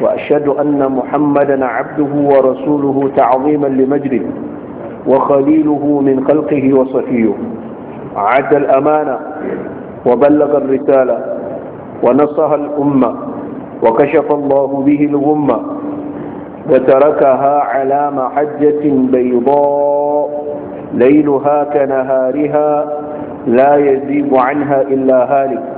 وأشهد أن محمدا عبده ورسوله تعظيما لمجده وخليله من خلقه وصفيه عد الأمانة وبلغ الرسالة ونصها الأمة وكشف الله به الغمة وتركها على محجة بيضاء ليلها كنهارها لا يزيب عنها إلا هالك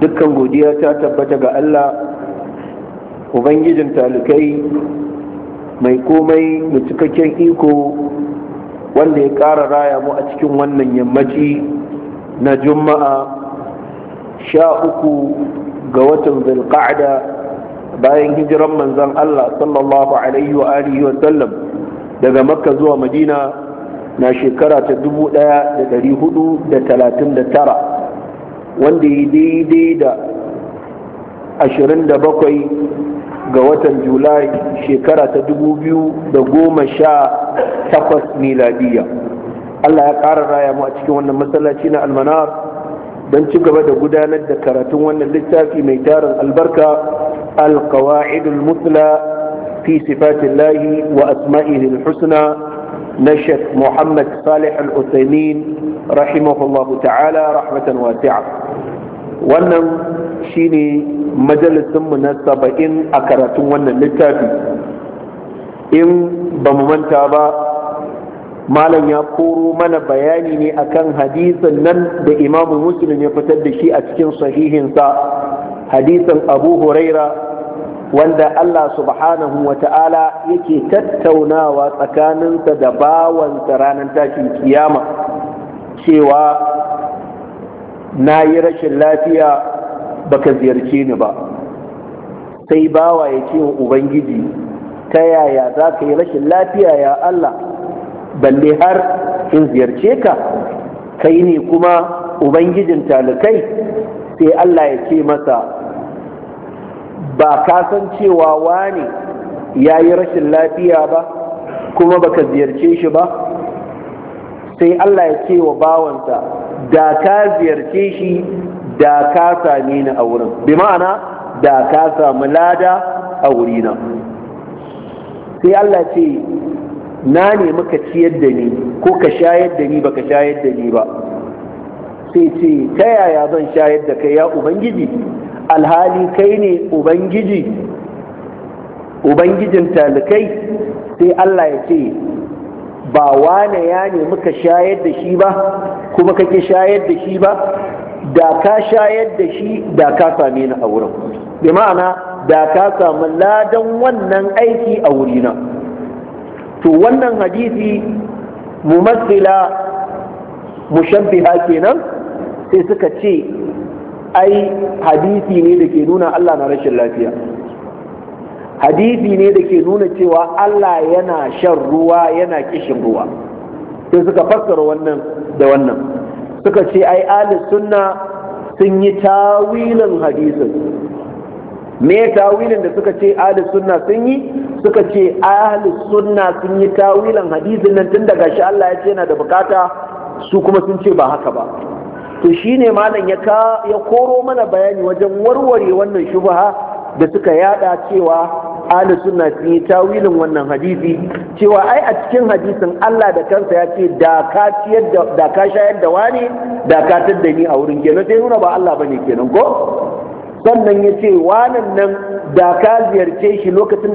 dukkan godiya ta tabbata ga Allah ubangijin talikai mai komai da cikakken iko wanda ya ƙara raya mu a cikin wannan yammaci na juma'a sha uku ga watan zulqa'da bayan hijiran manzon Allah sallallahu alaihi wa alihi wa sallam daga makka zuwa madina na shekara ta 1439 wanda ya daidai da 27 ga watan julai shekara ta 2018 miladiya allah ya ƙara raya mu a cikin wannan masallaci na almanar don ci gaba da gudanar da karatun wannan littafi mai tarin albarka alkawa'idul musla في wa الله وأسمائه na نشف muhammad صالح العثيمين رحمه الله تعالى رحمة واسعة wannan shine majalisinmu na saba'in a karatun wannan littafi in ba mu manta ba malam ya koro mana bayani ne akan hadisin nan da imamu muslim ya fitar da shi a cikin sahihinsa hadisin abu huraira wanda allah subhanahu wa ta'ala yake tattaunawa tsakaninsa da bawansa ranar tashin kiyama cewa na yi rashin lafiya baka ziyarce ni ba sai bawa ya ce wa ubangiji ta yaya za ka yi rashin lafiya ya Allah balle har in ziyarce ka kai ne kuma ubangijin talikai sai Allah ya ce masa ba ka san cewa wani ya yi rashin lafiya ba kuma baka ziyarce shi ba sai Allah ya ce wa bawansa da ka ziyarce shi da ka same ni a wurin bi ma'ana da ka samu lada a wurina sai Allah ce na nemi ka ciyar da ni ko ka shayar da ni baka shayar da ni ba sai ce ta yaya zan shayar da kai ya ubangiji alhali kai ne ubangiji ubangijin talikai sai Allah ya ce ba wane ya nemi ka shayar da shi ba kuma kake shayar da shi ba da ka shayar da shi da ka same ni a wurin bi ma'ana da ka samu ladan wannan aiki a wurina to wannan hadisi mumassila mushabbiha kenan sai suka ce ai hadisi ne da ke nuna Allah na rashin lafiya hadisi ne da ke nuna cewa Allah yana shan ruwa yana kishin ruwa sai suka fassara wannan da wannan suka ce ai ahli sunna sun yi tawilin hadisin me tawilin da suka ce ahli sunna sun yi suka ce ahli sunna sun yi tawilin hadisin nan tun daga shi Allah ya ce yana da bukata su kuma sun ce ba haka ba to shine malam ya ka ya koro mana bayani wajen warware wannan shubha da suka yada cewa ahli sunna sun yi tawilin wannan hadisi cewa ai a cikin hadisin Allah da kansa ya ce da ka ciyar da da shayar da wani da ka tadda ni a wurin kenan sai nuna ba Allah bane kenan ko sannan ya ce wanan nan da ka ziyarce shi lokacin da.